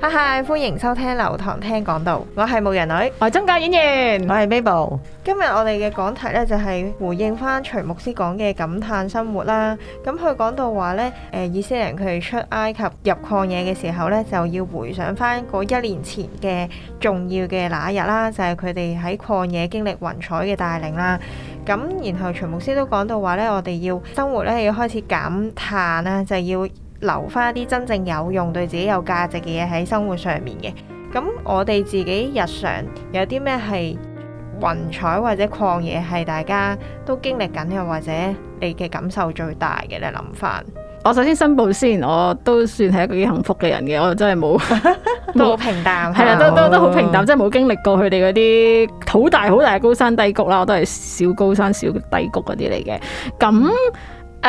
嗨嗨，Hi, 歡迎收聽流堂聽講道，我係牧人女，我係外教演員，我係 Mabel。今日我哋嘅講題呢，就係回應翻徐牧師講嘅減嘆生活啦。咁佢講到話呢，誒，以色列人佢哋出埃及入曠野嘅時候呢，就要回想翻嗰一年前嘅重要嘅那一日啦，就係佢哋喺曠野經歷雲彩嘅帶領啦。咁然後徐牧師都講到話呢，我哋要生活呢，要開始減嘆啦，就是、要。留翻一啲真正有用、對自己有價值嘅嘢喺生活上面嘅。咁我哋自己日常有啲咩係雲彩或者曠野係大家都經歷緊，又或者你嘅感受最大嘅咧？諗翻，我首先申報先，我都算係一個幾幸福嘅人嘅，我真係冇，都好平淡，係啦，都都都好平淡，即係冇經歷過佢哋嗰啲好大好大高山低谷啦，我都係小高山小低谷嗰啲嚟嘅。咁。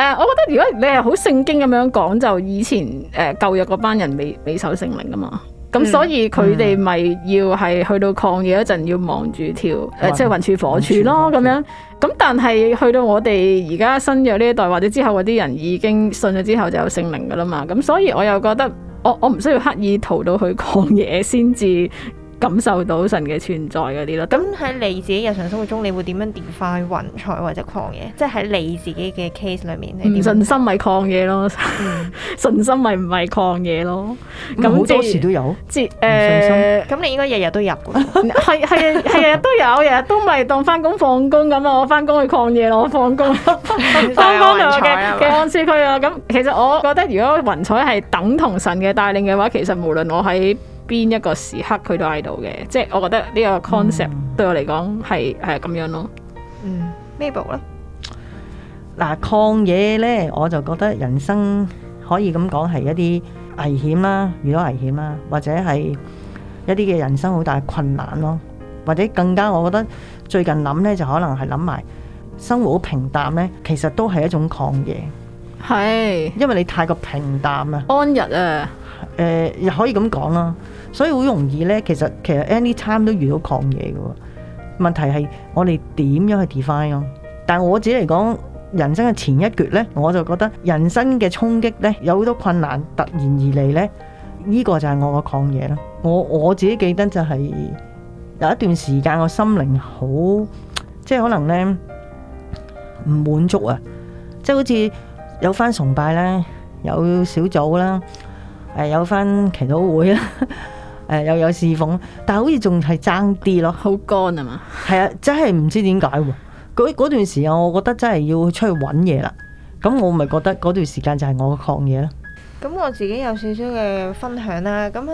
誒，uh, 我覺得如果你係好聖經咁樣講，就以前誒舊約嗰班人未未受聖靈噶嘛，咁、嗯、所以佢哋咪要係去到曠野嗰陣要望住條，誒即係雲柱火柱咯咁樣。咁但係去到我哋而家新約呢一代或者之後嗰啲人已經信咗之後就有聖靈噶啦嘛，咁所以我又覺得我我唔需要刻意逃到去曠野先至。感受到神嘅存在嗰啲咯，咁喺你自己日常生活中，你會點樣 define 雲彩或者曠野？即係喺你自己嘅 case 裏面，你信心咪曠野咯， 信心咪唔係曠野咯。咁好、嗯、就多時都有，即誒，咁、呃、你應該日日都入。係係係日都有，日日都咪當翻工放工咁啊！我翻工去曠野咯，我放工，放工就嘅嘅安息區啊！咁其,其實我覺得，如果雲彩係等同神嘅帶領嘅話,話，其實無論我喺邊一個時刻佢都喺度嘅，即係我覺得呢個 concept 對我嚟講係係咁樣咯。嗯，呢部咧嗱曠野咧，我就覺得人生可以咁講係一啲危險啦、啊，遇到危險啦、啊，或者係一啲嘅人生好大困難咯、啊，或者更加我覺得最近諗咧就可能係諗埋生活好平淡咧，其實都係一種曠野。係，因為你太過平淡啊，安逸啊，誒又、呃、可以咁講啦。所以好容易呢，其實其實 anytime 都遇到曠野嘅喎。問題係我哋點樣去 define 咯？但係我自己嚟講，人生嘅前一橛呢，我就覺得人生嘅衝擊呢，有好多困難突然而嚟呢。呢、這個就係我嘅曠野咯。我我自己記得就係有一段時間，我心靈好即係可能呢唔滿足啊，即係好似有翻崇拜咧，有小組啦，誒有翻祈禱會啦。 誒、嗯、又有侍奉，但係好似仲係爭啲咯，好乾啊嘛！係 啊，真係唔知點解喎。嗰段時間，我覺得真係要出去揾嘢啦。咁我咪覺得嗰段時間就係我嘅曠野啦。咁我自己有少少嘅分享啦。咁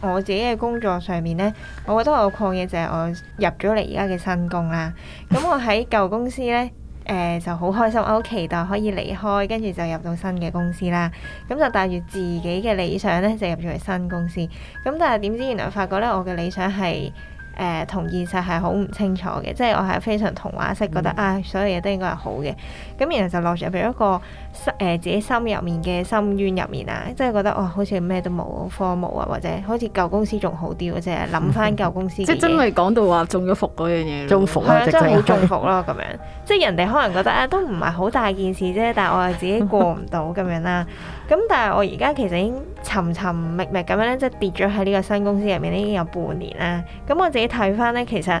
我自己嘅工作上面呢，我覺得我曠野就係我入咗嚟而家嘅新工啦。咁我喺舊公司呢。 誒、呃、就好開心，我、哦、好期待可以離開，跟住就入到新嘅公司啦。咁就帶住自己嘅理想呢，就入咗去新公司。咁但係點知原來發覺呢，我嘅理想係～誒、呃、同現實係好唔清楚嘅，即係我係非常童話式覺得啊、嗯哎，所有嘢都應該係好嘅。咁然後就落咗入咗一個心誒、呃、自己心入面嘅深淵入面啊，即係覺得哇、哦，好似咩都冇科目啊，或者好似舊公司仲好啲，即係諗翻舊公司 即說說、啊。即係真係講到話中咗伏嗰樣嘢，中伏係啊，真係好中伏咯咁樣。即係人哋可能覺得啊、哎，都唔係好大件事啫，但係我係自己過唔到咁樣啦。 咁但係我而家其實已經尋尋覓覓咁樣咧，即係跌咗喺呢個新公司入面咧，已經有半年啦。咁我自己睇返咧，其實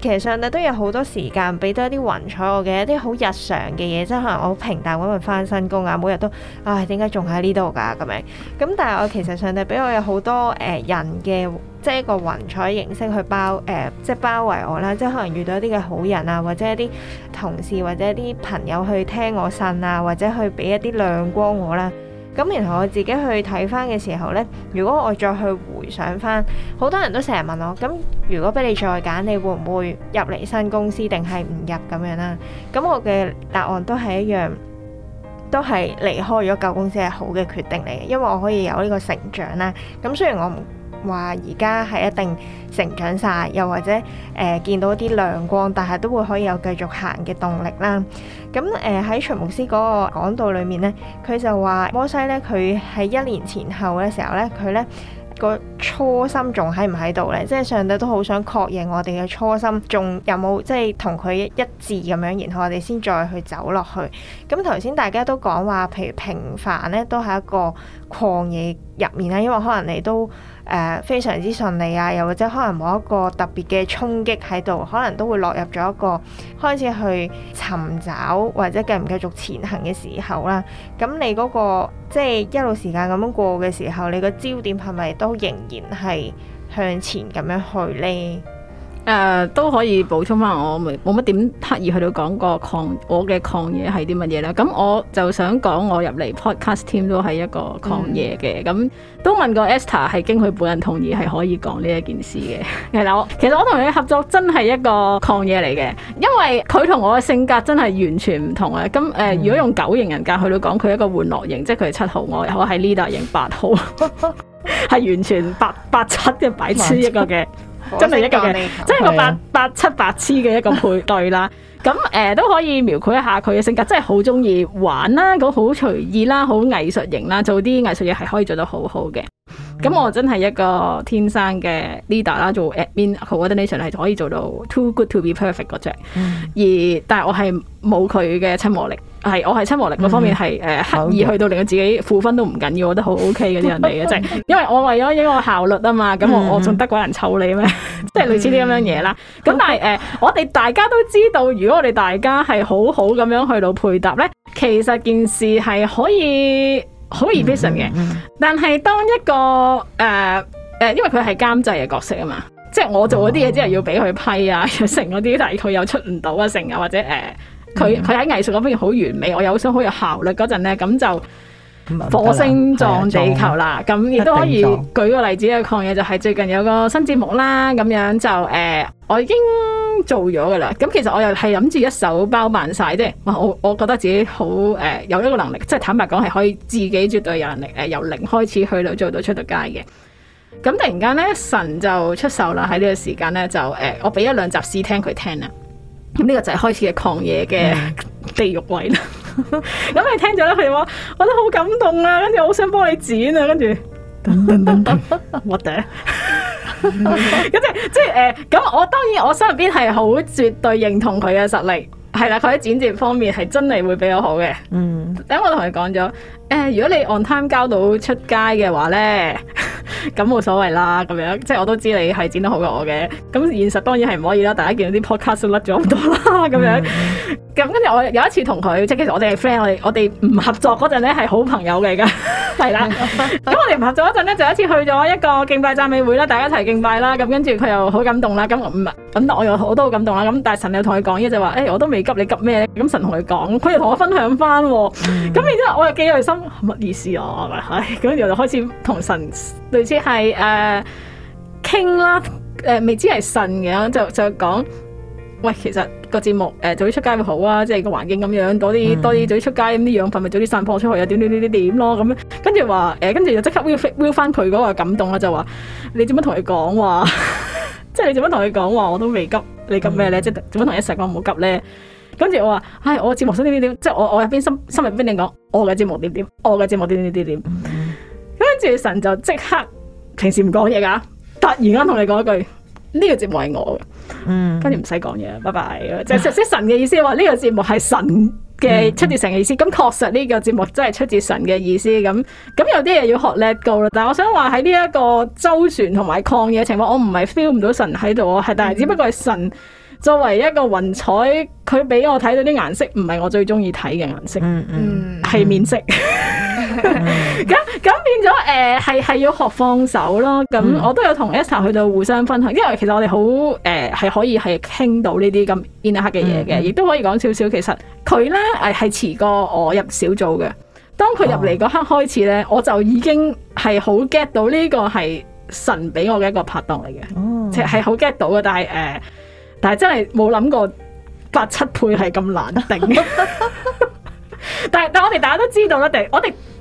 其實上帝都有好多時間俾多一啲雲彩我嘅，一啲好日常嘅嘢，即係可能我好平淡咁樣返新工啊，每日都唉點解仲喺呢度㗎咁樣？咁但係我其實上帝俾我有好多誒人嘅，即係一個雲彩形式去包誒、呃，即係包圍我啦。即係可能遇到一啲嘅好人啊，或者一啲同事或者一啲朋友去聽我信啊，或者去俾一啲亮光我啦。咁，然後我自己去睇翻嘅時候呢，如果我再去回想翻，好多人都成日問我，咁如果俾你再揀，你會唔會入嚟新公司定係唔入咁樣啦？咁我嘅答案都係一樣，都係離開咗舊公司係好嘅決定嚟嘅，因為我可以有呢個成長啦。咁雖然我唔話而家係一定成長晒，又或者誒、呃、見到啲亮光，但係都會可以有繼續行嘅動力啦。咁誒喺徐牧師嗰個講道裏面呢，佢就話摩西呢，佢喺一年前後嘅時候呢，佢呢，個初心仲喺唔喺度呢？即係上帝都好想確認我哋嘅初心仲有冇即係同佢一致咁樣，然後我哋先再去走落去。咁頭先大家都講話，譬如平凡呢都係一個曠野入面啦，因為可能你都誒、呃、非常之順利啊，又或者可能冇一個特別嘅衝擊喺度，可能都會落入咗一個開始去尋找或者繼唔繼續前行嘅時候啦。咁你嗰、個。即係一路時間咁樣過嘅時候，你個焦點係咪都仍然係向前咁樣去呢？誒、uh, 都可以補充翻，我冇乜點刻意去到講個曠，我嘅曠野係啲乜嘢啦。咁我就想講，我入嚟 podcast team 都係一個曠野嘅。咁、嗯嗯、都問過 Esther，係經佢本人同意係可以講呢一件事嘅。係 啦，其實我同你合作真係一個曠野嚟嘅，因為佢同我嘅性格真係完全唔同啊。咁誒，uh, 嗯、如果用九型人格去到講，佢一個玩樂型，即係佢係七號，我我係 leader 型八號，係 完全八八七嘅擺出一個嘅。真係一個，嘅，真係個八八七八黐嘅一個配對啦。 咁誒、呃、都可以描繪一下佢嘅性格，真係好中意玩啦，咁好隨意啦，好藝術型啦，做啲藝術嘢係可以做得好好嘅。咁、mm hmm. 我真係一個天生嘅 leader 啦，做 admin coordination 係可以做到 too good to be perfect 嗰隻。Mm hmm. 而但係我係冇佢嘅親和力，係我係親和力方面係誒、mm hmm. 呃、刻意去到令到自己負分都唔緊要，我覺得好 OK 嗰啲人嚟嘅。即係 因為我為咗一個效率啊嘛，咁我、mm hmm. 我仲得鬼人湊你咩？即 係類似啲咁樣嘢啦。咁、mm hmm. 但係誒、呃，我哋大家都知道如。如果我哋大家係好好咁樣去到配搭呢，其實件事係可以好 efficient 嘅。但係當一個誒誒、呃呃，因為佢係監製嘅角色啊嘛，即係我做嗰啲嘢，之後要俾佢批啊又成嗰啲，哦、 但係佢又出唔到啊成啊，或者誒，佢佢喺藝術嗰邊好完美，我又好想好有效率嗰陣呢，咁就。火星撞地球啦，咁亦了都可以舉個例子嘅曠野，了就係最近有個新節目啦，咁樣就誒、呃，我已經做咗噶啦。咁其實我又係諗住一手包辦曬啫。我我覺得自己好誒、呃，有一個能力，即係坦白講係可以自己絕對有能力誒、呃，由零開始去到做到出到街嘅。咁突然間呢，神就出手啦！喺呢個時間呢，就、呃、誒，我俾一兩集試聽佢聽啦。咁呢個就係開始嘅曠野嘅地獄位啦。 咁你 聽咗啦，佢話我都好感動啊，跟住我好想幫你剪啊，跟住，我頂， 跟住即係誒，咁我當然我心入邊係好絕對認同佢嘅實力，係啦，佢喺剪接方面係真係會比較好嘅。嗯，等我同佢講咗，誒、呃，如果你 on time 交到出街嘅話咧。 咁冇所謂啦，咁樣即係我都知你係剪得好過我嘅。咁現實當然係唔可以啦。大家見到啲 podcast 都甩咗好多啦，咁樣。咁跟住我有一次同佢，即係其實我哋係 friend，我哋我哋唔合作嗰陣咧係好朋友嚟噶，係啦。咁我哋唔合作嗰陣咧，就一次去咗一個敬拜讚美會啦，大家一齊敬拜啦。咁跟住佢又好感動啦。咁我唔係，咁我我又我都好感動啦。咁但係神又同佢講，依就話誒，我都未急你急咩咧？咁神同佢講，佢又同我分享翻。咁然之後我又記在心，係乜意思啊？唉，咁然後就開始同神。類似係誒傾啦誒未知係神嘅就就講，喂其實個節目誒、啊、早啲出街會好啊，即、就、係、是、個環境咁樣多啲、mm hmm. 多啲早啲出街咁啲養分咪早啲散播出去又點點點點點咯咁，跟住話誒跟住就即刻 will 翻佢嗰個感動啦，就話你做乜同佢講話？即 係 你做乜同佢講話？我都未急，你急咩咧？即係做乜同一 Sir 講唔好急咧？跟住我話，唉，我節目點點點，即係我我入邊心心入邊你講我嘅節目點點，我嘅節目點點點點。就是 跟住神就即刻，平時唔講嘢㗎！突然間同你講一句，呢、這個節目係我嘅，嗯，跟住唔使講嘢，拜拜。就、啊、即係神嘅意思，話呢個節目係神嘅，出自神嘅意思。咁確、嗯嗯、實呢個節目真係出自神嘅意思。咁咁有啲嘢要學 let go 啦。但係我想話喺呢一個周旋同埋抗嘢嘅情況，我唔係 feel 唔到神喺度係，但係只不過係神作為一個雲彩，佢俾我睇到啲顏色，唔係我最中意睇嘅顏色，嗯嗯，係面色。咁咁 變咗誒，係、呃、係要學放手咯。咁我都有同 Esther 去到互相分享，因為其實我哋好誒係可以係傾到呢啲咁 inner 嘅嘢嘅，亦都、嗯嗯、可以講少少。其實佢咧誒係遲過我入小組嘅。當佢入嚟嗰刻開始咧，我就已經係好 get 到呢個係神俾我嘅一個拍檔嚟嘅，即係好 get 到嘅。但係誒、呃，但係真係冇諗過八七倍係咁難頂。 但係但係我哋大家都知道啦，我哋。我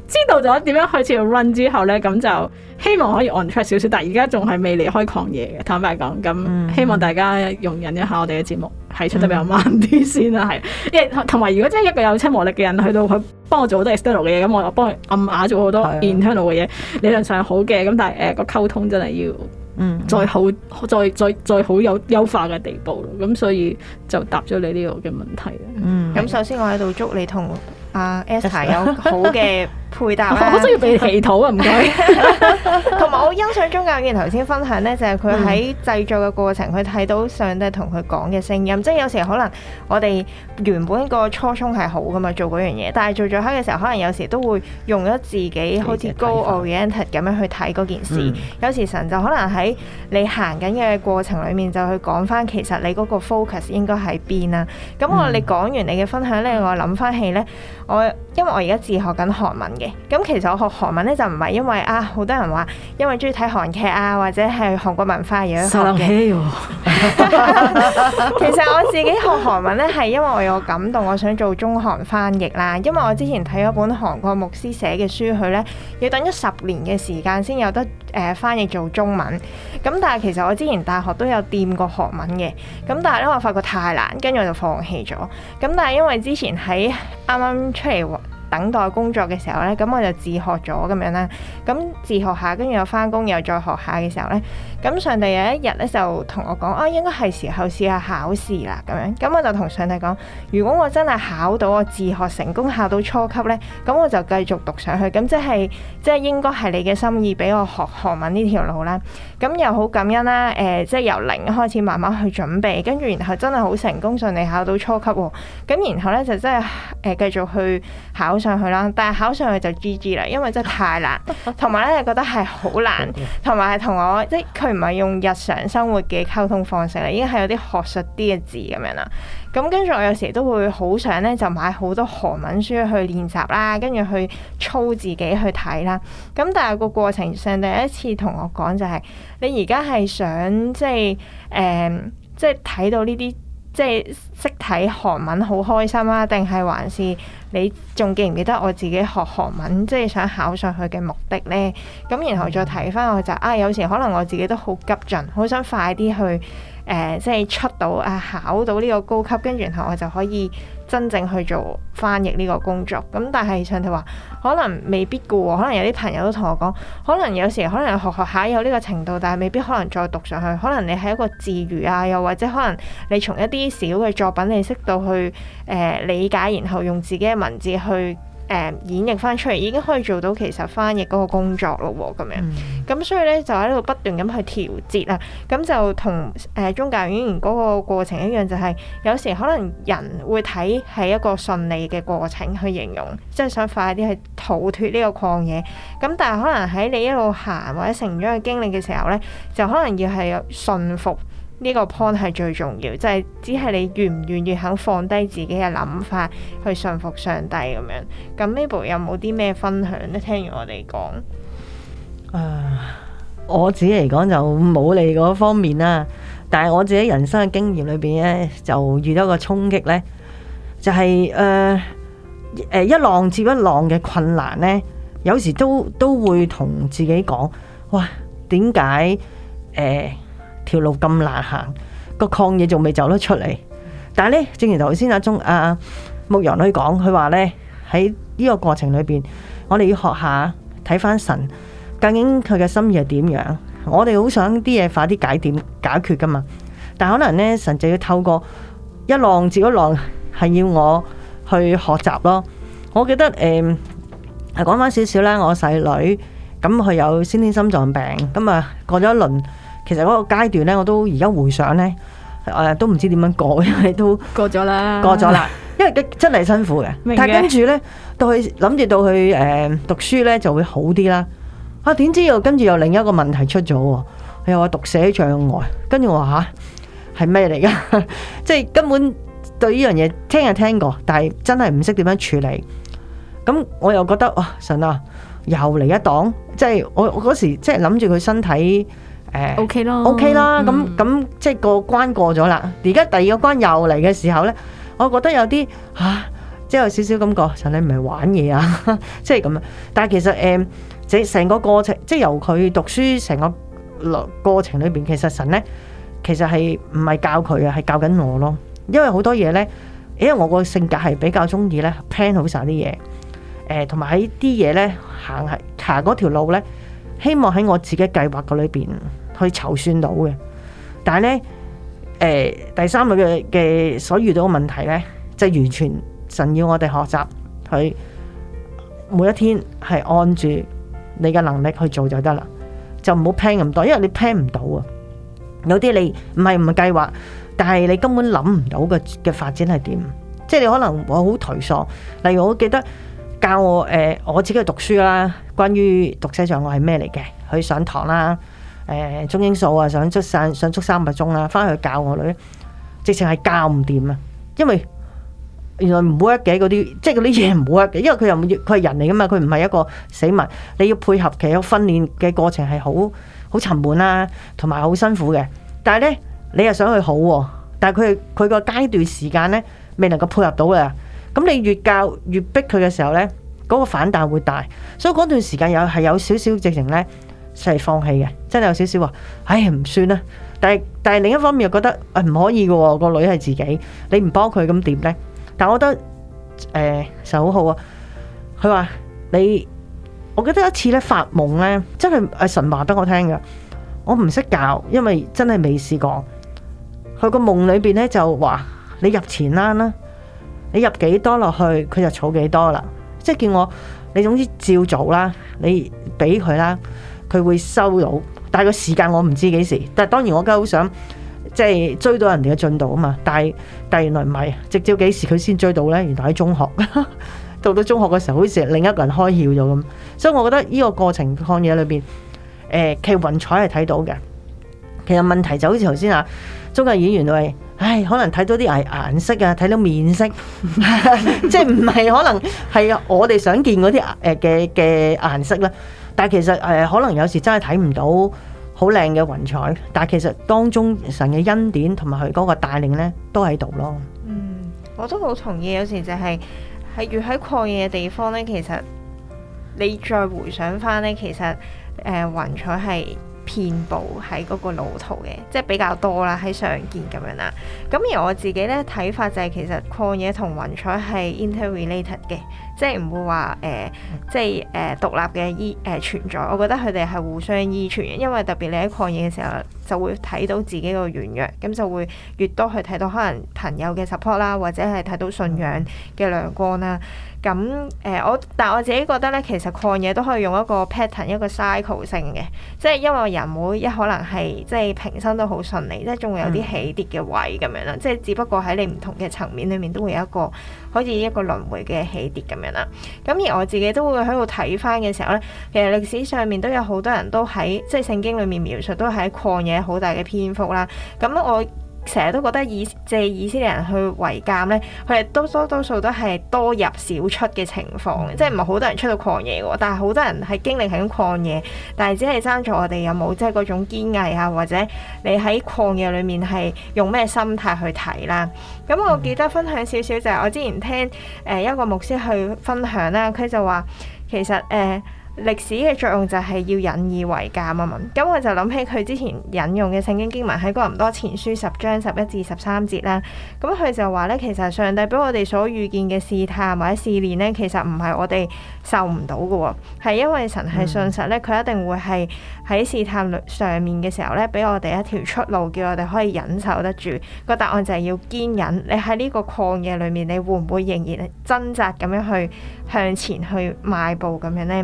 知道咗點樣開始去 run 之後咧，咁就希望可以 on track 少少，但係而家仲係未離開狂野嘅。坦白講，咁希望大家容忍一下我哋嘅節目係出得比較慢啲先啦，係。誒，同埋如果真係一個有親和力嘅人去到佢幫我做好多 external 嘅嘢，咁我又幫佢暗鈕做好多 internal 嘅嘢，理論上係好嘅。咁但係誒個溝通真係要再好、 再好再再好有優化嘅地步咯。咁所以就答咗你呢度嘅問題啦。咁 首先我喺度祝你同阿 Estelle 有好嘅。配搭，我好需要俾祈禱啊，唔該。同埋我欣賞宗教員頭先分享呢，就係佢喺製作嘅過程，佢睇到上帝同佢講嘅聲音。嗯、即係有時可能我哋原本個初衷係好噶嘛，做嗰樣嘢，但係做咗開嘅時候，可能有時都會用咗自己好似 goal oriented 咁樣去睇嗰件事。嗯、有時神就可能喺你行緊嘅過程裡面，就去講翻其實你嗰個 focus 應該喺邊啊。咁我你講完你嘅分享呢，我諗翻起呢。我。因為我而家自學緊韓文嘅，咁其實我學韓文咧就唔係因為啊，好多人話因為中意睇韓劇啊，或者係韓國文化而學 其實我自己學韓文咧係因為我有感動，我想做中韓翻譯啦。因為我之前睇咗本韓國牧師寫嘅書，佢咧要等咗十年嘅時間先有得誒翻譯做中文。咁但係其實我之前大學都有掂過學文嘅，咁但係咧我發覺太難，跟住我就放棄咗。咁但係因為之前喺啱啱出嚟等待工作嘅時候呢，咁我就自學咗咁樣啦。咁自學下，跟住又翻工，又再學下嘅時候呢，咁上帝有一日呢，就同我講：啊，應該係時候試下考試啦。咁樣，咁我就同上帝講：如果我真係考到我自學成功考到初級呢，咁我就繼續讀上去。咁即係即係應該係你嘅心意俾我學韓文呢條路啦。咁又好感恩啦。誒、呃，即係由零開始慢慢去準備，跟住然後真係好成功，順利考到初級喎、啊。咁然後呢，就真係誒繼續去考。上去啦，但係考上去就 GG 啦，因為真係太難，同埋咧又覺得係好難，同埋係同我即係佢唔係用日常生活嘅溝通方式啦，已經係有啲學術啲嘅字咁樣啦。咁跟住我有時都會好想咧就買好多韓文書去練習啦，跟住去操自己去睇啦。咁但係個過程上，第一次同我講就係、是、你而家係想即係誒、即係睇、呃、到呢啲。即係識睇韓文好開心啊？定係還是你仲記唔記得我自己學韓文即係想考上去嘅目的呢？咁然後再睇翻我就啊，有時可能我自己都好急進，好想快啲去、呃、即係出到啊，考到呢個高級，跟住然後我就可以真正去做翻譯呢個工作。咁但係上頭話。可能未必嘅，可能有啲朋友都同我講，可能有時可能學學下有呢個程度，但係未必可能再讀上去。可能你係一個自娛啊，又或者可能你從一啲小嘅作品你，你識到去誒理解，然後用自己嘅文字去。誒、呃、演繹翻出嚟已經可以做到其實翻譯嗰個工作咯喎，咁樣咁、mm hmm. 所以咧就喺度不斷咁去調節啊，咁就同誒宗教演員嗰個過程一樣，就係、是、有時可能人會睇係一個順利嘅過程去形容，即、就、係、是、想快啲去逃脫呢個曠野，咁但係可能喺你一路行或者成長嘅經歷嘅時候咧，就可能要係有順服。呢個 point 係最重要，就係、是、只係你願唔願意肯放低自己嘅諗法，去信服上帝咁樣。咁 Mabel 有冇啲咩分享咧？聽完我哋講，啊、呃，我自己嚟講就冇你嗰方面啦。但係我自己人生嘅經驗裏邊咧，就遇到一個衝擊咧，就係誒誒一浪接一浪嘅困難呢，有時都都會同自己講，哇，點解誒？呃條路咁難行，個曠野仲未走得出嚟。但係咧，正如頭先阿鍾阿牧羊女講，佢話咧，喺呢個過程裏邊，我哋要學下睇翻神，究竟佢嘅心意係點樣。我哋好想啲嘢快啲解點解決㗎嘛。但係可能咧，神就要透過一浪接一浪，係要我去學習咯。我記得誒，講翻少少啦，我細女咁佢有先天心臟病，咁啊過咗一輪。其實嗰個階段咧，我都而家回想咧，誒都唔知點樣過，因為都過咗啦，過咗啦，因為佢真係辛苦嘅。但係跟住咧，到佢諗住到佢誒讀書咧就會好啲啦。啊，點知又跟住又另一個問題出咗，又話讀寫障礙，跟住我話吓係咩嚟噶？即係根本對呢樣嘢聽係聽過，但係真係唔識點樣處理。咁我又覺得哇，神啊，又嚟一檔，即係我我嗰時即係諗住佢身體。誒、哎、OK 啦，OK 啦，咁咁、嗯、即係個關過咗啦。而家第二個關又嚟嘅時候咧，我覺得有啲吓，即係有少少感覺神你唔係玩嘢啊？即係咁啊。 樣，但係其實誒、成、嗯、成個過程，即係由佢讀書成個過程裏邊，其實神咧，其實係唔係教佢啊？係教緊我咯。因為好多嘢咧，因為我個性格係比較中意咧 plan 好晒啲嘢，誒、呃、同埋喺啲嘢咧行行嗰條路咧，希望喺我自己計劃嘅裏邊。去籌算到嘅，但係咧，誒、呃，第三個嘅嘅所遇到嘅問題咧，就是、完全神要我哋學習佢每一天係按住你嘅能力去做就得啦，就唔好 plan 咁多，因為你 plan 唔到啊。有啲你唔係唔計劃，但係你根本諗唔到嘅嘅發展係點，即係你可能我好頹喪。例如我記得教我，誒、呃、我自己去讀書啦，關於讀寫障礙係咩嚟嘅，去上堂啦。誒中英數啊，想出散想出三個鐘啦、啊，翻去教我女，直情係教唔掂啊！因為原來唔 work 嘅嗰啲，即係嗰啲嘢唔 work 嘅，因為佢又唔佢係人嚟噶嘛，佢唔係一個死物，你要配合佢嘅訓練嘅過程係好好沉悶啦、啊，同埋好辛苦嘅。但係咧，你又想去好喎、啊，但係佢佢個階段時間咧未能夠配合到啦。咁你越教越逼佢嘅時候咧，嗰、那個反彈會大，所以嗰段時間有係有少少直情咧。就係放棄嘅，真係有少少話，唉，唔算啦。但係但係另一方面又覺得誒唔、哎、可以嘅，個女係自己，你唔幫佢咁點呢？但我覺得誒，就、呃、好好啊。佢話你，我記得一次咧發夢咧，真係阿神話俾我聽嘅。我唔識教，因為真係未試過。佢個夢裏邊咧就話你入錢啦啦，你入幾多落去，佢就儲幾多啦。即係叫我你，總之照做啦，你俾佢啦。佢會收到，但係個時間我唔知幾時。但係當然我梗係好想即係追到人哋嘅進度啊嘛。但係但係原來唔係，直至幾時佢先追到咧？原來喺中學，呵呵到到中學嘅時候好似另一個人開竅咗咁。所以我覺得呢個過程看嘢裏邊，誒、呃、其實雲彩係睇到嘅。其實問題就好似頭先啊，中國演員都係，唉，可能睇到啲顏色啊，睇到面色， 即係唔係可能係我哋想見嗰啲誒嘅嘅顏色啦。但其實誒、呃，可能有時真係睇唔到好靚嘅雲彩，但係其實當中神嘅恩典同埋佢嗰個帶領咧，都喺度咯。嗯，我都好同意，有時就係係越喺曠野嘅地方咧，其實你再回想翻咧，其實誒、呃、雲彩係遍布喺嗰個路途嘅，即係比較多啦，喺上見咁樣啦。咁而我自己咧睇法就係，其實曠野同雲彩係 interrelated 嘅。即係唔會話誒、呃，即係誒、呃、獨立嘅依誒、呃、存在。我覺得佢哋係互相依存，因為特別你喺抗疫嘅時候，就會睇到自己個軟弱，咁就會越多去睇到可能朋友嘅 support 啦，或者係睇到信仰嘅亮光啦。咁誒、呃，我但係我自己覺得咧，其實曠野都可以用一個 pattern，一個 cycle 性嘅，即係因為人每一可能係即係平生都好順利，即係仲會有啲起跌嘅位咁樣啦。嗯、即係只不過喺你唔同嘅層面裡面都會有一個好似一個輪迴嘅起跌咁樣。咁而我自己都會喺度睇返嘅時候呢，其實歷史上面都有好多人都喺，即係聖經裏面描述都喺曠野好大嘅篇幅啦，咁我。成日都覺得以借以色列人去為鑑呢，佢哋多多多數都係多入少出嘅情況，即係唔係好多人出到曠野喎，但係好多人係經歷緊曠野，但係只係爭在我哋有冇即係嗰種堅毅啊，或者你喺曠野裏面係用咩心態去睇啦。咁我記得分享少少就係我之前聽誒一個牧師去分享啦，佢就話其實誒。呃歷史嘅作用就係要引以為鑑啊嘛，咁我就諗起佢之前引用嘅聖經經文喺哥林多前書十章十一至十三節啦，咁佢就話咧，其實上帝俾我哋所遇見嘅試探或者試煉咧，其實唔係我哋受唔到嘅，係因為神係信實咧，佢一定會係喺試探上面嘅時候咧，俾我哋一條出路，叫我哋可以忍受得住。個答案就係要堅忍。你喺呢個曠野裏面，你會唔會仍然掙扎咁樣去，向前去邁步咁樣呢？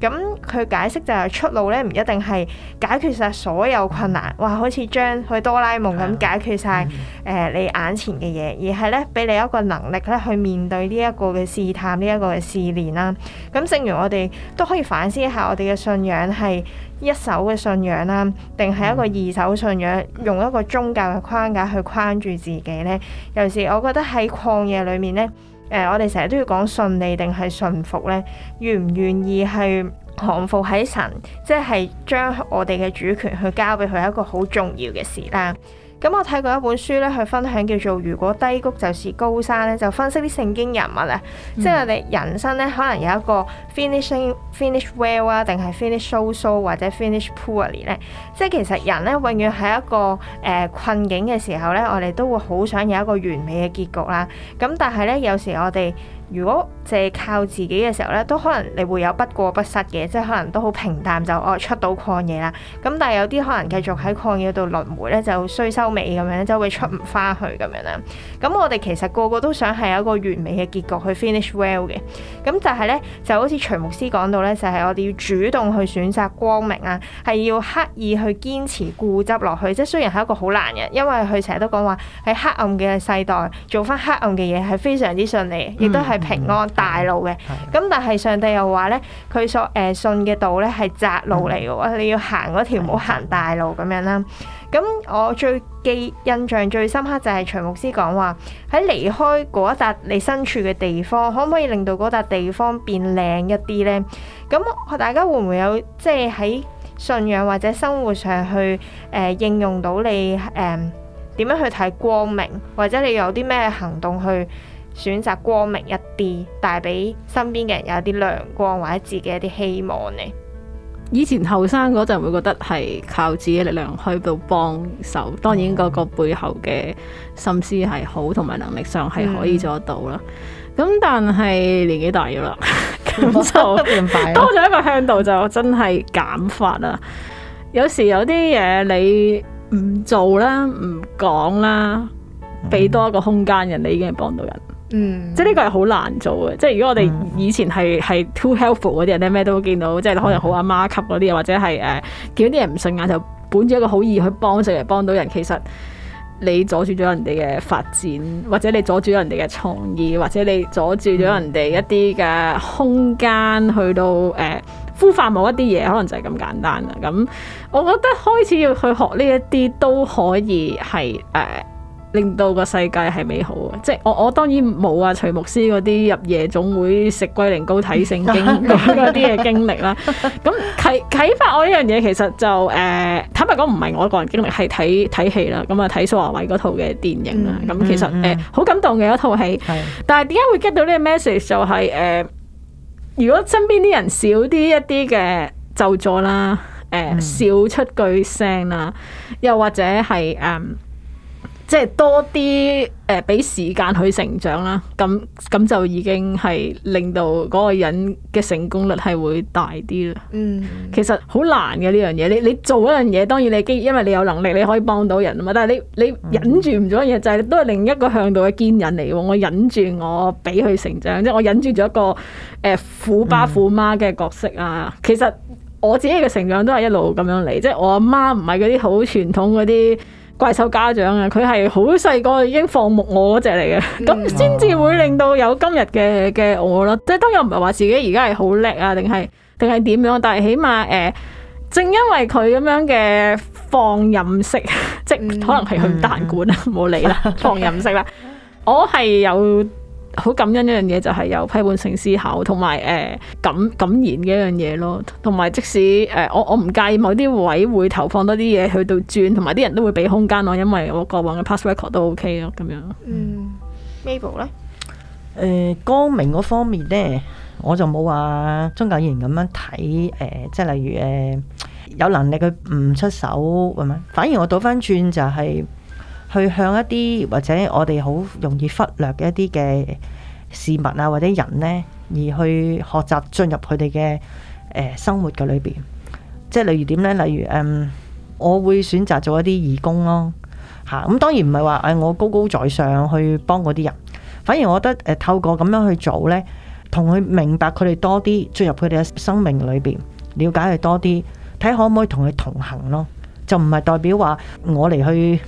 咁佢解釋就係出路咧，唔一定係解決晒所有困難，哇！好似將去哆啦 A 夢咁解決晒誒你眼前嘅嘢，啊嗯、而係咧俾你一個能力咧去面對呢一個嘅試探，呢、這、一個嘅試煉啦。咁正如我哋都可以反思一下，我哋嘅信仰係一手嘅信仰啦，定係一個二手信仰，用一個宗教嘅框架去框住自己咧。尤其我覺得喺曠野裏面呢。誒、呃，我哋成日都要講順利定係順服咧，願唔願意係降服喺神，即係將我哋嘅主權去交俾佢，係一個好重要嘅事啦。咁我睇過一本書咧，佢分享叫做如果低谷就是高山咧，就分析啲聖經人物啊，嗯、即係我哋人生咧，可能有一個 finishing finish well 啊，定係 finish so so 或者 finish poorly 咧，即係其實人咧永遠喺一個誒、呃、困境嘅時候咧，我哋都會好想有一個完美嘅結局啦。咁但係咧，有時我哋如果借靠自己嘅時候咧，都可能你會有不過不失嘅，即係可能都好平淡就哦出到曠野啦。咁但係有啲可能繼續喺曠野度輪迴咧，就衰收尾咁樣，就會出唔翻去咁樣啦。咁我哋其實個個都想係有一個完美嘅結局去 finish well 嘅。咁就係咧就好似徐牧師講到咧，就係、是、我哋要主動去選擇光明啊，係要刻意去堅持固執落去。即係雖然係一個好難嘅，因為佢成日都講話喺黑暗嘅世代做翻黑暗嘅嘢係非常之順利，亦都係平安。嗯大路嘅，咁但係上帝又話咧，佢所誒信嘅道咧係窄路嚟嘅喎，你要行嗰條，唔好行大路咁樣啦。咁我最記印象最深刻就係徐牧師講話，喺離開嗰一笪你身處嘅地方，可唔可以令到嗰笪地方變靚一啲咧？咁我大家會唔會有即係喺信仰或者生活上去誒應用到你誒點樣去睇光明，或者你有啲咩行動去？選擇光明一啲，帶俾身邊嘅人有啲亮光，或者自己一啲希望呢。以前後生嗰陣會覺得係靠自己力量去到幫手，哦、當然嗰個背後嘅心思係好，同埋能力上係可以做得到啦。咁、嗯、但係年紀大咗啦，感受變快，多咗一個向度就真係減法啦。有時有啲嘢你唔做啦，唔講啦，俾多一個空間，人哋已經係幫到人。嗯，即係呢個係好難做嘅，即係如果我哋以前係係 too helpful 嗰啲人咧，咩都見到，即係可能好阿媽級嗰啲，或者係誒、呃、見到啲人唔順眼就本住一個好意去幫，上嚟幫到人，其實你阻住咗人哋嘅發展，或者你阻住咗人哋嘅創意，或者你阻住咗人哋一啲嘅空間去到誒孵化某一啲嘢，可能就係咁簡單啦。咁、嗯嗯、我覺得開始要去學呢一啲都可以係誒。呃令到個世界係美好嘅，即係我我當然冇啊，徐牧師嗰啲入夜總會食龜苓膏睇聖經嗰啲嘅經歷啦。咁 啟啟發我呢樣嘢其實就誒、呃、坦白講唔係我個人經歷，係睇睇戲啦。咁啊睇蘇華偉嗰套嘅電影啦。咁、嗯、其實誒好、嗯嗯呃、感動嘅一套戲。的但係點解會 get 到呢個 message 就係、是、誒、呃？如果身邊啲人少啲一啲嘅就座啦，誒、呃、少出句聲啦，又或者係誒。嗯即係多啲誒，俾、呃、時間去成長啦，咁咁就已經係令到嗰個人嘅成功率係會大啲啦。嗯，其實好難嘅呢樣嘢，你你做一樣嘢，當然你因為你有能力，你可以幫到人啊嘛。但係你你忍住唔做嘢，就係、是、都係另一個向度嘅堅忍嚟喎。我忍住我俾佢成長，即係我忍住咗一個誒虎、呃、爸虎媽嘅角色啊。嗯、其實我自己嘅成長都係一路咁樣嚟，即係我阿媽唔係嗰啲好傳統嗰啲。怪獸家長啊，佢係好細個已經放牧我嗰隻嚟嘅，咁先至會令到有今日嘅嘅我啦。即係當然唔係話自己而家係好叻啊，定係定係點樣，但係起碼誒，正因為佢咁樣嘅放任式，即係可能係去彈管啊，冇理啦，放任式啦，我係有。好感恩一樣嘢就係、是、有批判性思考，同埋誒感感言嘅一樣嘢咯。同埋即使誒、呃、我我唔介意某啲位會投放多啲嘢去到轉，同埋啲人都會俾空間我，因為我過往嘅 past record 都 OK 咯，咁樣。嗯，Mabel 咧，誒、呃、光明嗰方面咧，我就冇話宗教議員咁樣睇誒、呃，即係例如誒、呃、有能力佢唔出手咁樣，反而我倒翻轉就係、是。去向一啲或者我哋好容易忽略嘅一啲嘅事物啊，或者人呢，而去學習進入佢哋嘅誒生活嘅裏邊，即係例如點呢？例如，嗯，我會選擇做一啲義工咯、啊、吓、嗯、咁。當然唔係話誒我高高在上去幫嗰啲人，反而我覺得誒、呃、透過咁樣去做呢，同佢明白佢哋多啲，進入佢哋嘅生命裏邊，了解佢多啲，睇下可唔可以同佢同行咯？就唔係代表話我嚟去。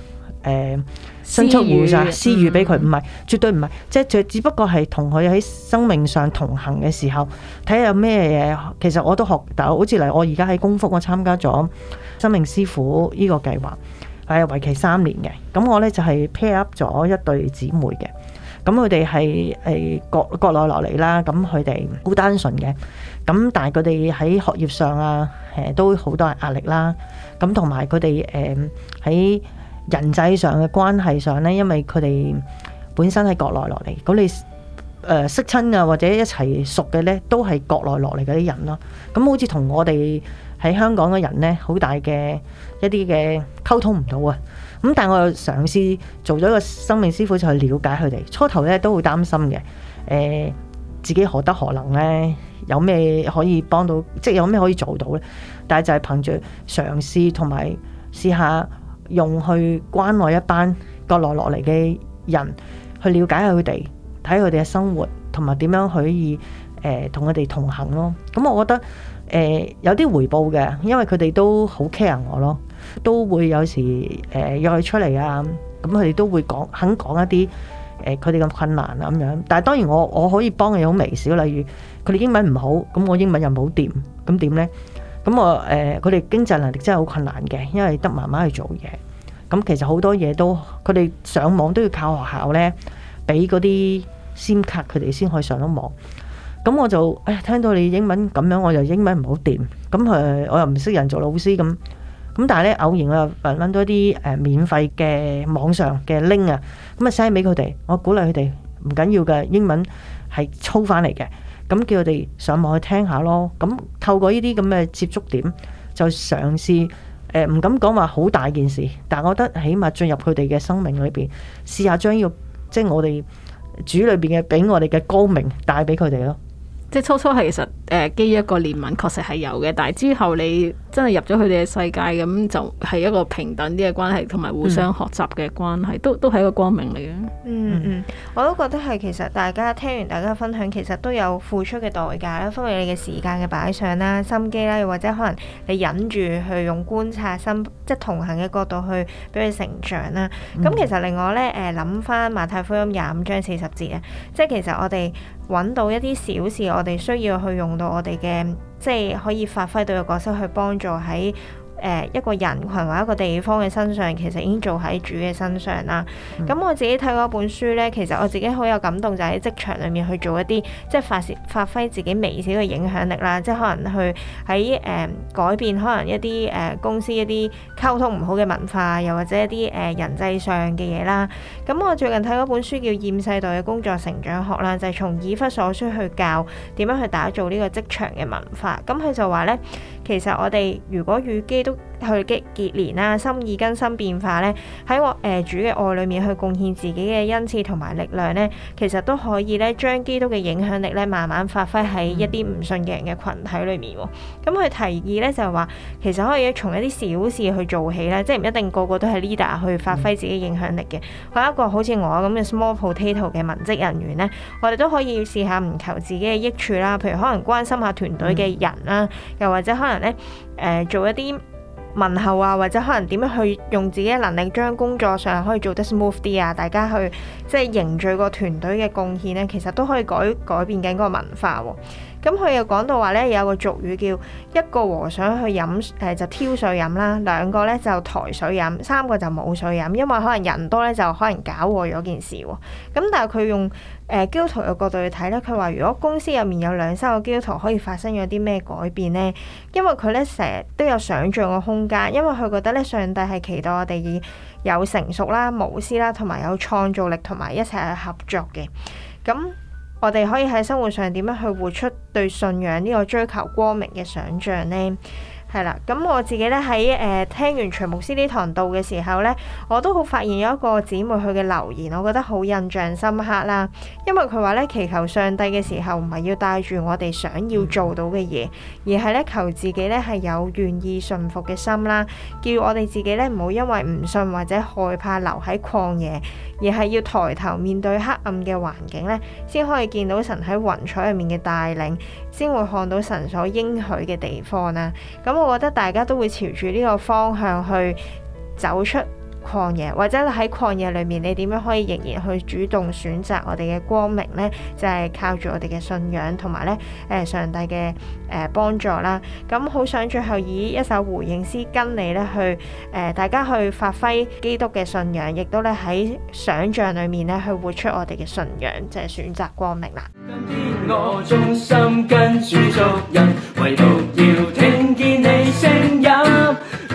誒伸、呃、出援助，私語俾佢，唔係，絕對唔係，即係只，只不過係同佢喺生命上同行嘅時候，睇下有咩嘢。其實我都學到。好似嚟我而家喺工福，我參加咗生命師傅呢個計劃，係、啊、為期三年嘅。咁我呢就係 pair up 咗一對姊妹嘅。咁佢哋係係國國內落嚟啦，咁佢哋好單純嘅。咁但係佢哋喺學業上啊，誒、啊、都好多壓力啦、啊。咁同埋佢哋誒喺人際上嘅關係上咧，因為佢哋本身喺國內落嚟，咁你誒識親啊或者一齊熟嘅咧，都係國內落嚟嗰啲人咯、啊。咁、嗯、好似同我哋喺香港嘅人咧，好大嘅一啲嘅溝通唔到啊。咁、嗯、但係我又嘗試做咗個生命師傅，就去了解佢哋。初頭咧都好擔心嘅，誒、呃、自己何德何能咧，有咩可以幫到，即、就、係、是、有咩可以做到咧。但係就係憑住嘗試同埋試下。用去關愛一班國內落嚟嘅人，去了解下佢哋，睇佢哋嘅生活，同埋點樣可以誒同佢哋同行咯。咁、嗯、我覺得誒、呃、有啲回報嘅，因為佢哋都好 care 我咯，都會有時誒、呃、約佢出嚟啊，咁佢哋都會講肯講一啲誒佢哋咁困難啊咁樣。但係當然我我可以幫佢好微小，例如佢哋英文唔好，咁我英文又冇掂，咁點呢？咁我誒佢哋經濟能力真係好困難嘅，因為得媽媽去做嘢。咁其實好多嘢都佢哋上網都要靠學校咧，俾嗰啲 SIM 卡佢哋先可以上到網。咁我就誒、哎、聽到你英文咁樣，我就英文唔好掂。咁佢，我又唔識人做老師咁。咁但係咧偶然我揾到一啲誒、呃、免費嘅網上嘅 link 啊，咁啊 send 俾佢哋，我鼓勵佢哋唔緊要嘅英文係操翻嚟嘅。咁叫佢哋上網去聽下咯，咁透過呢啲咁嘅接觸點，就嘗試誒唔敢講話好大件事，但我覺得起碼進入佢哋嘅生命裏邊，試下將要即係我哋主裏邊嘅俾我哋嘅光明帶俾佢哋咯。即係初初係其實誒基於一個憐憫確實係有嘅，但係之後你真係入咗佢哋嘅世界咁，就係一個平等啲嘅關係，同埋互相學習嘅關係，都都係一個光明嚟嘅。嗯嗯，我都覺得係其實大家聽完大家分享，其實都有付出嘅代價啦，分為，你嘅時間嘅擺上啦、心機啦，又或者可能你忍住去用觀察心、心即係同行嘅角度去俾佢成長啦。咁、嗯、其實令我咧誒諗翻馬太福音廿五章四十節啊，即係其實我哋。搵到一啲小事，我哋需要去用到我哋嘅，即係可以發揮到嘅角色去幫助喺。誒、呃、一個人群或一個地方嘅身上，其實已經做喺主嘅身上啦。咁、嗯、我自己睇嗰本書呢，其實我自己好有感動，就喺、是、職場裏面去做一啲即係發泄、發揮自己微小嘅影響力啦。即係可能去喺誒、呃、改變可能一啲誒、呃、公司一啲溝通唔好嘅文化，又或者一啲誒、呃、人際上嘅嘢啦。咁我最近睇嗰本書叫《厭世代嘅工作成長學》啦，就係、是、從以弗所書去教點樣去打造呢個職場嘅文化。咁佢就話呢，其實我哋如果與基都去激結連啦、啊，心意更新變化咧，喺我誒、呃、主嘅愛裏面去貢獻自己嘅恩賜同埋力量咧，其實都可以咧將基督嘅影響力咧慢慢發揮喺一啲唔信嘅人嘅群體裏面。咁、嗯、佢提議咧就係話，其實可以從一啲小事去做起咧，即係唔一定個個都係 leader 去發揮自己嘅影響力嘅。我一個好似我咁嘅 small potato 嘅文職人員咧，我哋都可以試下唔求自己嘅益處啦，譬如可能關心下團隊嘅人啦、啊，嗯、又或者可能咧誒、呃、做一啲問候啊，或者可能點樣去用自己嘅能力將工作上可以做得 smooth 啲啊，大家去即係凝聚個團隊嘅貢獻咧，其實都可以改改變緊嗰個文化喎。咁佢又講到話咧，有個俗語叫一個和尚去飲誒、呃、就挑水飲啦，兩個咧就抬水飲，三個就冇水飲，因為可能人多咧就可能搞錯咗件事喎。咁、嗯、但係佢用誒、呃、基督徒嘅角度去睇咧，佢話如果公司入面有兩三個基督徒可以發生咗啲咩改變咧，因為佢咧成日都有想像嘅空間，因為佢覺得咧上帝係期待我哋有成熟啦、無私啦，同埋有，有創造力同埋一齊去合作嘅。咁、嗯我哋可以喺生活上點樣去活出對信仰呢個追求光明嘅想象呢？係啦，咁我自己咧喺誒聽完徐牧師呢堂道嘅時候呢，我都好發現有一個姊妹佢嘅留言，我覺得好印象深刻啦。因為佢話咧，祈求上帝嘅時候唔係要帶住我哋想要做到嘅嘢，而係咧求自己咧係有願意信服嘅心啦，叫我哋自己咧唔好因為唔信或者害怕留喺曠野，而係要抬頭面對黑暗嘅環境咧，先可以見到神喺雲彩入面嘅帶領。先會看到神所應許嘅地方啦。咁我覺得大家都會朝住呢個方向去走出。曠野，或者喺曠野裏面，你點樣可以仍然去主動選擇我哋嘅光明呢？就係、是、靠住我哋嘅信仰同埋咧，誒上帝嘅誒幫助啦。咁好想最後以一首回應詩跟你咧去，誒、呃、大家去發揮基督嘅信仰，亦都咧喺想象裏面咧去活出我哋嘅信仰，就係、是、選擇光明啦。